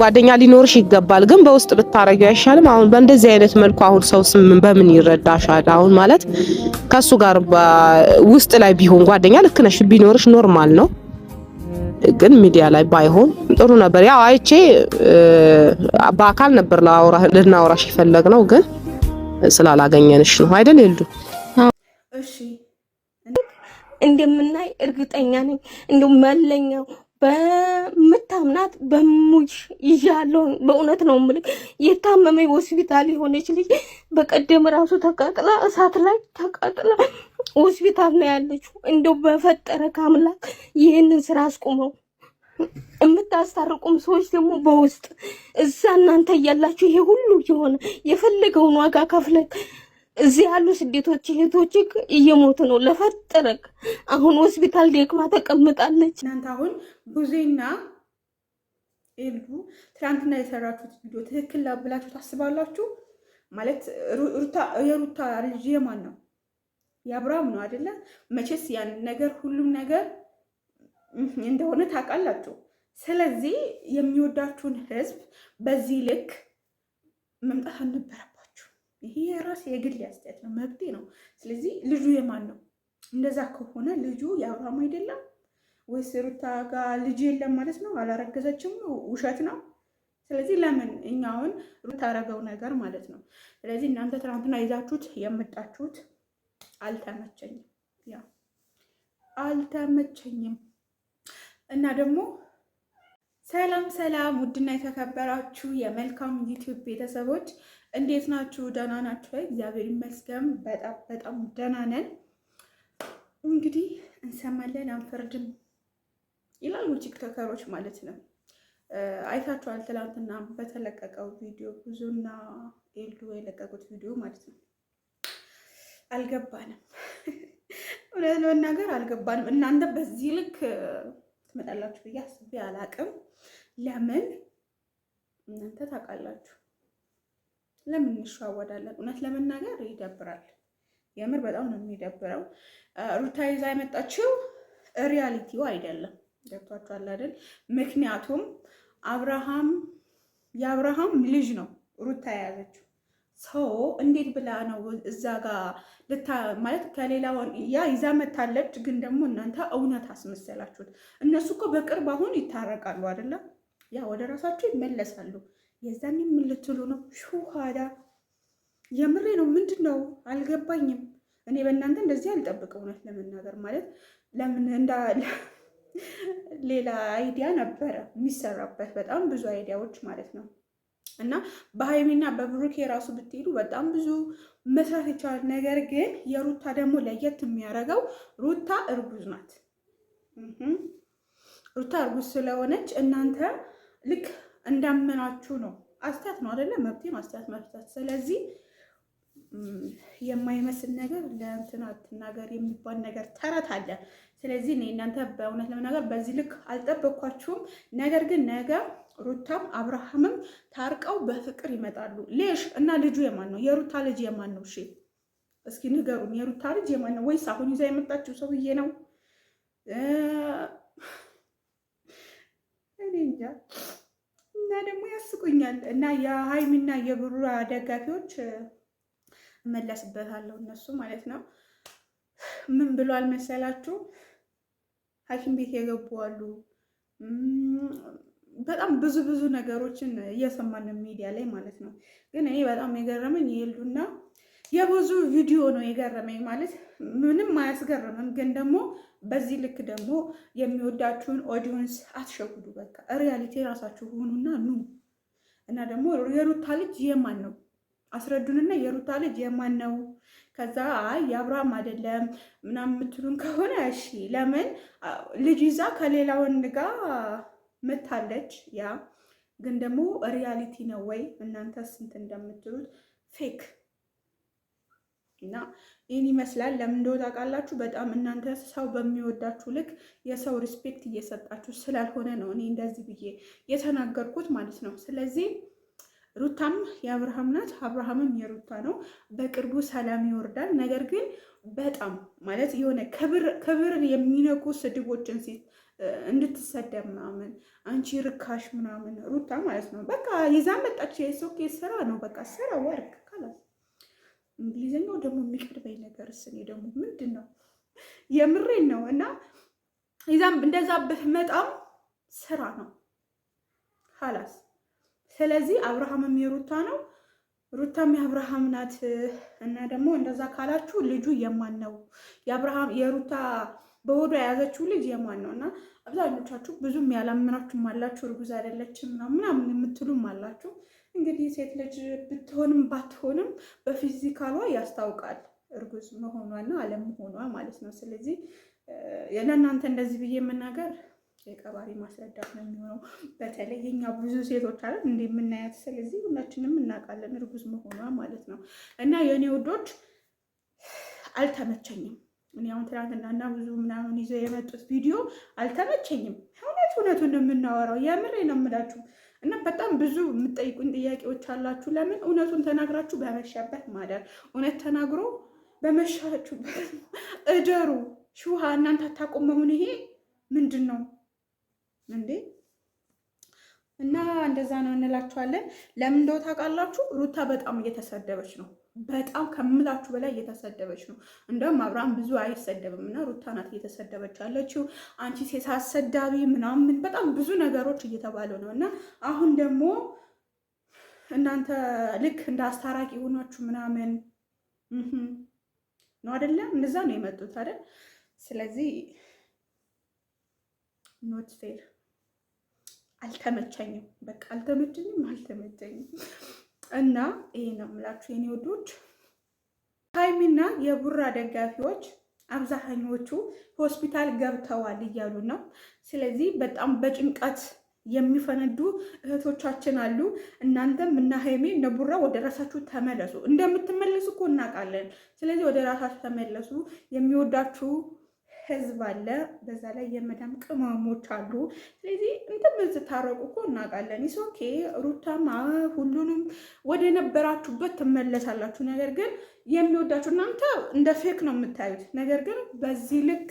ጓደኛ ሊኖርሽ ይገባል፣ ግን በውስጥ ብታረጊው አይሻልም? አሁን በእንደዚህ አይነት መልኩ አሁን ሰው ስም በምን ይረዳሻል? አሁን ማለት ከሱ ጋር ውስጥ ላይ ቢሆን ጓደኛ ልክ ነሽ ቢኖርሽ ኖርማል ነው፣ ግን ሚዲያ ላይ ባይሆን ጥሩ ነበር። ያው አይቼ በአካል ነበር ልናወራሽ ይፈለግ ነው፣ ግን ስላላገኘንሽ ነው አይደል? ይልዱ እንደምናይ እርግጠኛ ነኝ እንደው መለኛው በምታምናት በሙጅ ይዣለሁ። በእውነት ነው ምልክ የታመመ ሆስፒታል የሆነች ልጅ በቀደም ራሱ ተቃጥላ እሳት ላይ ተቃጥላ ሆስፒታል ነው ያለችው። እንደው በፈጠረ ከአምላክ ይህንን ስራ አስቁመው። የምታስታርቁም ሰዎች ደግሞ በውስጥ እዛ እናንተ እያላችሁ ይሄ ሁሉ የሆነ የፈለገውን ዋጋ ከፍለን እዚህ ያሉ ስደቶች እህቶች እየሞቱ ነው። ለፈጠረክ አሁን ሆስፒታል ደክማ ተቀምጣለች። እናንተ አሁን ጉዜና ኤልዱ ትናንትና የሰራችሁት ቪዲዮ ትክክል ብላችሁ ታስባላችሁ? ማለት የሩታ ልጅ የማን ነው? የአብርሃም ነው አይደለ? መቼስ ያን ነገር ሁሉም ነገር እንደሆነ ታውቃላችሁ። ስለዚህ የሚወዳችሁን ህዝብ በዚህ ልክ መምጣት አልነበረም። ይሄ የራስ የግል አስተያየት ነው፣ መብቴ ነው። ስለዚህ ልጁ የማን ነው? እንደዛ ከሆነ ልጁ የአብርሃም አይደለም ወይስ ሩታ ጋር ልጅ የለም ማለት ነው? አላረገዘችም፣ ውሸት ነው። ስለዚህ ለምን እኛውን የምታረገው ነገር ማለት ነው። ስለዚህ እናንተ ትናንትና ይዛችሁት የምጣችሁት አልተመቸኝም፣ ያ አልተመቸኝም። እና ደግሞ ሰላም ሰላም፣ ውድና የተከበራችሁ የመልካም ዩቲዩብ ቤተሰቦች እንዴት ናችሁ? ደህና ናችሁ እግዚአብሔር ይመስገን በጣም በጣም ደህና ነን። እንግዲህ እንሰማለን አንፈርድም ይላሉ ቲክቶከሮች ማለት ነው። አይታችኋል፣ ትናንትና በተለቀቀው ቪዲዮ ብዙና ኤልዱ የለቀቁት ቪዲዮ ማለት ነው። አልገባንም፣ እውነት ለመናገር አልገባንም። እናንተ በዚህ ልክ ትመጣላችሁ ብዬ አስቤ አላቅም። ለምን እናንተ ታውቃላችሁ ለምን እንሸዋወዳለን? እውነት ለመናገር ይደብራል። የምር በጣም ነው የሚደብረው። ሩታ ይዛ የመጣችው ሪያሊቲው አይደለም። ገብቷችኋል አይደል? ምክንያቱም አብርሃም የአብርሃም ልጅ ነው ሩታ የያዘችው ሰው እንዴት ብላ ነው እዛ ጋር ልታ ማለት ከሌላ ያ ይዛ መታለች። ግን ደግሞ እናንተ እውነት አስመሰላችሁት። እነሱ እኮ በቅርብ አሁን ይታረቃሉ አይደለም ያ ወደ ራሳቸው ይመለሳሉ። የዛን የምልትሉ ነው ሹሃዳ የምሬ ነው። ምንድን ነው አልገባኝም። እኔ በእናንተ እንደዚህ አልጠብቅ። እውነት ለመናገር ማለት ለምን እንዳ ሌላ አይዲያ ነበረ የሚሰራበት በጣም ብዙ አይዲያዎች ማለት ነው። እና በሀይሚና በብሩኬ ራሱ ብትሄዱ በጣም ብዙ መስራት ይቻላል። ነገር ግን የሩታ ደግሞ ለየት የሚያደርገው ሩታ እርጉዝ ናት። ሩታ እርጉዝ ስለሆነች እናንተ ልክ እንዳመናችሁ ነው። አስተያየት ነው አይደለ? መብቴም አስተያየት መፍታት። ስለዚህ የማይመስል ነገር ለእንትን አትናገር የሚባል ነገር ተረት አለ። ስለዚህ እኔ እናንተ በእውነት ለመናገር በዚህ ልክ አልጠበኳችሁም። ነገር ግን ነገ ሩታም አብርሃምም ታርቀው በፍቅር ይመጣሉ። ሌሽ እና ልጁ የማን ነው? የሩታ ልጅ የማን ነው? እሺ እስኪ ንገሩን። የሩታ ልጅ የማን ነው? ወይስ አሁን ይዛ የመጣችው ሰውዬ ነው? እንጃ እና ደግሞ ያስቁኛል። እና የሀይሚና የብሩራ ደጋፊዎች እመለስበታለሁ እነሱ ማለት ነው። ምን ብሏል መሰላችሁ? ሐኪም ቤት የገቡ አሉ። በጣም ብዙ ብዙ ነገሮችን እየሰማን ነው ሚዲያ ላይ ማለት ነው። ግን እኔ በጣም የገረመኝ የሄልዱና የብዙ ቪዲዮ ነው የገረመኝ ማለት ምንም አያስገርምም፣ ግን ደግሞ በዚህ ልክ ደግሞ የሚወዳችሁን ኦዲዮንስ አትሸጉዱ። በቃ ሪያሊቲ ራሳችሁ ሆኑና ኑ እና ደግሞ የሩታ ልጅ የማን ነው አስረዱንና የሩታ ልጅ የማን ነው? ከዛ አይ የአብርሃም አይደለም ምናምን የምትሉን ከሆነ እሺ፣ ለምን ልጅ ይዛ ከሌላ ወንድ ጋር መታለች? ያ ግን ደግሞ ሪያሊቲ ነው ወይ? እናንተ ስንት እንደምትሉት ፌክ እና ይህን ይመስላል። ለምን እንደሆነ ታውቃላችሁ? በጣም እናንተ ሰው በሚወዳችሁ ልክ የሰው ሪስፔክት እየሰጣችሁ ስላልሆነ ነው እኔ እንደዚህ ብዬ የተናገርኩት ማለት ነው። ስለዚህ ሩታም የአብርሃም ናት፣ አብርሃምም የሩታ ነው። በቅርቡ ሰላም ይወርዳል። ነገር ግን በጣም ማለት የሆነ ክብር የሚነኩ ስድቦችን ሴት እንድትሰደብ ምናምን አንቺ ርካሽ ምናምን ሩታ ማለት ነው። በቃ የዛ መጣች የሶኬ ስራ ነው። በቃ ስራ ወርክ ካላት እንግሊዝኛው ደግሞ የሚቀርበኝ ነገር ስኔ ደግሞ ምንድን ነው የምሬን ነው። እና ይዛም እንደዛ ብትመጣም ስራ ነው ሀላስ። ስለዚህ አብርሃምም የሩታ ነው ሩታም የአብርሃም ናት። እና ደግሞ እንደዛ ካላችሁ ልጁ የማን ነው? የአብርሃም የሩታ በሆዷ የያዘችው ልጅ የማን ነው? እና አብዛኞቻችሁ ብዙም ያላምናችሁም አላችሁ፣ እርጉዝ አይደለችም ምናምን የምትሉም አላችሁ። እንግዲህ ሴት ልጅ ብትሆንም ባትሆንም በፊዚካሏ ያስታውቃል እርጉዝ መሆኗና አለመሆኗ ማለት ነው። ስለዚህ ለእናንተ እንደዚህ ብዬ መናገር የቀባሪ ማስረዳት ነው የሚሆነው። በተለይ የኛ ብዙ ሴቶች አለ እንደ የምናያት ስለዚህ ሁላችንም እናውቃለን እርጉዝ መሆኗ ማለት ነው። እና የእኔ ውዶች አልተመቸኝም። እኔ አሁን ትናንትናና ብዙ ምናምን ይዘው የመጡት ቪዲዮ አልተመቸኝም። እውነት እውነቱን የምናወራው የምሬ ነው የምላችሁ እና በጣም ብዙ የምጠይቁኝ ጥያቄዎች አላችሁ። ለምን እውነቱን ተናግራችሁ በመሸበት ማደር፣ እውነት ተናግሮ በመሻችሁበት እደሩ። ሽውሃ እናንተ አታቆመውን። ይሄ ምንድን ነው እንዴ? እና እንደዛ ነው እንላችኋለን። ለምን እንደው ታውቃላችሁ፣ ሩታ በጣም እየተሰደበች ነው። በጣም ከምላችሁ በላይ እየተሰደበች ነው። እንደውም አብርሃም ብዙ አይሰደብም እና ሩታ ናት እየተሰደበች ያለችው። አንቺ ሴት አሰዳቢ ምናምን በጣም ብዙ ነገሮች እየተባሉ ነው እና አሁን ደግሞ እናንተ ልክ እንደ አስታራቂ ሆናችሁ ምናምን ነው አይደለም? እንደዛ ነው የመጡት አይደል? ስለዚህ ኖት ፌር አልተመቸኝም። በቃ አልተመቸኝም፣ አልተመቸኝም እና ይሄ ነው የምላችሁ የኔ ወዶች። ሀይሚና የቡራ ደጋፊዎች አብዛኞቹ ሆስፒታል ገብተዋል እያሉ ነው። ስለዚህ በጣም በጭንቀት የሚፈነዱ እህቶቻችን አሉ። እናንተም እና ሀይሜ እነ ቡራ ወደ ራሳችሁ ተመለሱ። እንደምትመለሱ እኮ እናውቃለን። ስለዚህ ወደ ራሳችሁ ተመለሱ። የሚወዳችሁ ህዝብ አለ፣ በዛ ላይ የመዳም ቅመሞች አሉ። ስለዚህ ታረቁ እኮ እናውቃለን። ይሶኬ ሩታማ ሁሉንም ወደ ነበራችሁበት ትመለሳላችሁ። ነገር ግን የሚወዳችሁ እናንተ እንደ ፌክ ነው የምታዩት። ነገር ግን በዚህ ልክ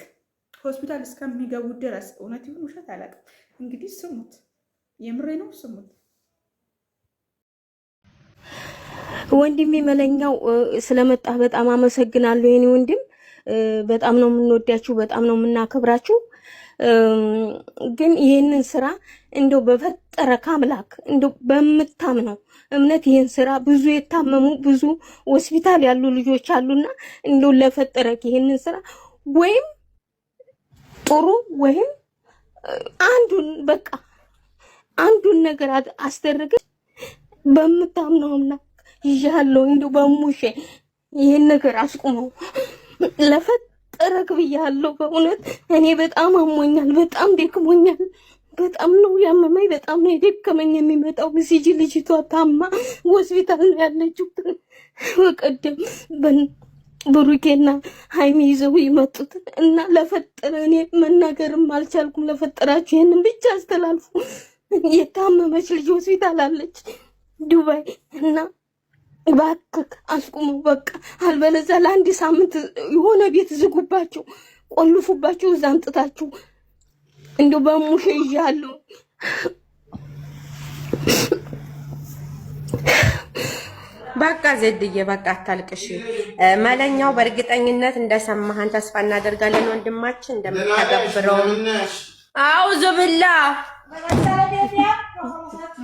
ሆስፒታል እስከሚገቡ ድረስ እውነት ይሁን ውሸት አላውቅም። እንግዲህ ስሙት፣ የምሬ ነው ስሙት። ወንድሜ የመለኛው ስለመጣህ በጣም አመሰግናለሁ የኔ ወንድም በጣም ነው የምንወዳችሁ፣ በጣም ነው የምናከብራችሁ። ግን ይህንን ስራ እንደው በፈጠረ ካምላክ እንደው በምታምነው እምነት ይህን ስራ ብዙ የታመሙ ብዙ ሆስፒታል ያሉ ልጆች አሉና እንደው ለፈጠረክ ይህንን ስራ ወይም ጥሩ ወይም አንዱን በቃ አንዱን ነገር አስደረገ በምታምነው አምላክ ይዣለሁ እንደው በሙሼ ይህን ነገር አስቁመው። ለፈጠረክ ብያለሁ። በእውነት እኔ በጣም አሞኛል፣ በጣም ደክሞኛል። በጣም ነው ያመመኝ፣ በጣም ነው የደከመኝ። የሚመጣው ብሲጂ ልጅቷ ታማ ሆስፒታል ነው ያለችው። በቀደም ብሩኬና ሀይሚ ይዘው ይመጡት እና ለፈጠረ እኔ መናገርም አልቻልኩም። ለፈጠራችሁ ይህንን ብቻ አስተላልፉ። የታመመች ልጅ ሆስፒታል አለች ዱባይ እና እባክህ አስቁሙ፣ በቃ አልበለዚያ ለአንድ ሳምንት የሆነ ቤት ዝጉባቸው፣ ቆልፉባቸው፣ እዛ አምጥታችሁ እንዲ በሙሽ ይዣለሁ። በቃ ዘድዬ በቃ አታልቅሽ። መለኛው በእርግጠኝነት እንደሰማህን ተስፋ እናደርጋለን። ወንድማችን እንደምታገብረው አውዙ